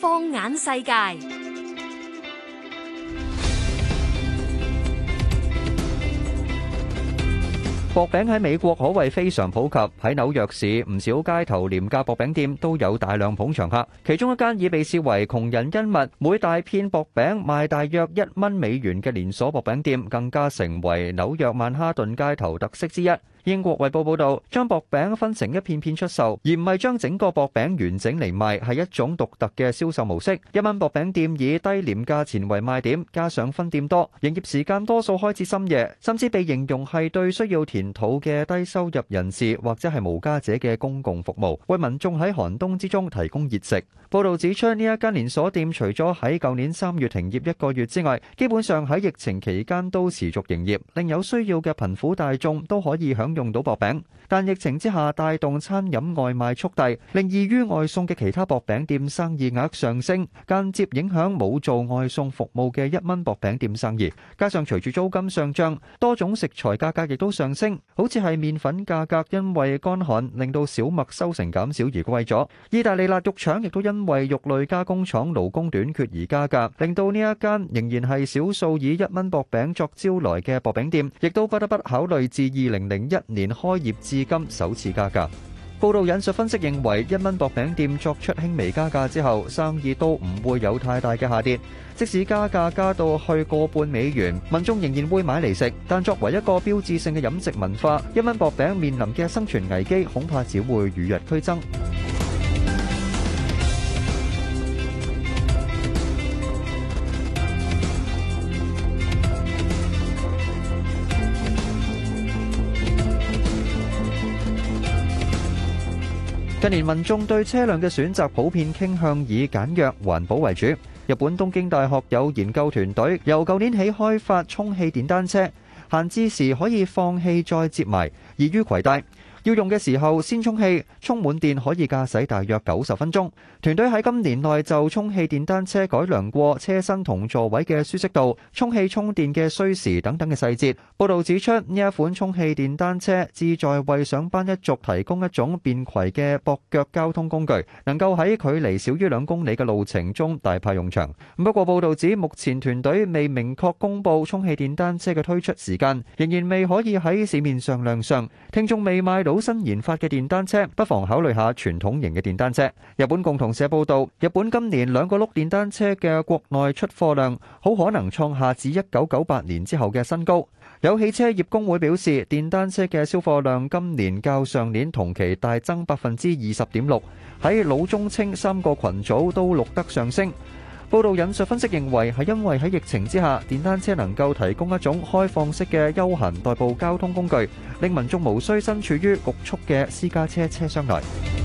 放眼世界，薄餅喺美國可謂非常普及。喺紐約市，唔少街頭廉價薄餅店都有大量捧場客。其中一間已被視為窮人恩物，每大片薄餅賣大約一蚊美元嘅連鎖薄餅店，更加成為紐約曼哈頓街頭特色之一。英國衛報報道，將薄餅分成一片片出售，而唔係將整個薄餅完整嚟賣，係一種獨特嘅銷售模式。一蚊薄餅店以低廉價錢為賣點，加上分店多，營業時間多，用到薄餅，但疫情之下帶動餐飲外賣速遞，令易於外送嘅其他薄餅店生意額上升，間接影響冇做外送服務嘅一蚊薄餅店生意。加上隨住租金上漲，多種食材價格亦都上升，好似係麵粉價格因為乾旱令到小麥收成減少而貴咗，意大利辣肉腸亦都因為肉類加工廠勞工短缺而加價，令到呢一間仍然係少數以一蚊薄餅作招徠嘅薄餅店，亦都不得不考慮自2001年開業至今首次加價。報道引述分析認為，一蚊薄餅店作出輕微加價之後，生意都唔會有太大嘅下跌。即使加價加到去個半美元，民眾仍然會買嚟食。但作為一個標誌性嘅飲食文化，一蚊薄餅面臨嘅生存危機，恐怕只會與日俱增。近年，民眾對車輛嘅選擇普遍傾向以簡約、環保為主。日本東京大學有研究團隊由舊年起開發充氣電單車，閒置時可以放氣再摺埋，易於攜帶。要用嘅時候先充氣，充滿電可以駕駛大約九十分鐘。團隊喺今年內就充氣電單車改良過車身同座位嘅舒適度、充氣充電嘅需時等等嘅細節。報導指出，呢一款充氣電單車旨在為上班一族提供一種便攜嘅駁腳交通工具，能夠喺距離少於兩公里嘅路程中大派用場。不過，報導指目前團隊未明確公布充氣電單車嘅推出時間，仍然未可以喺市面上亮相。聽眾未買到。最新研發嘅電單車，不妨考慮下傳統型嘅電單車。日本共同社報道，日本今年兩個轆電單車嘅國內出貨量，好可能創下自一九九八年之後嘅新高。有汽車業公會表示，電單車嘅銷貨量今年較上年同期大增百分之二十點六，喺老中青三個羣組都錄得上升。報道引述分析認為，係因為喺疫情之下，電單車能夠提供一種開放式嘅休閒代步交通工具，令民眾無需身處於局促嘅私家車車廂內。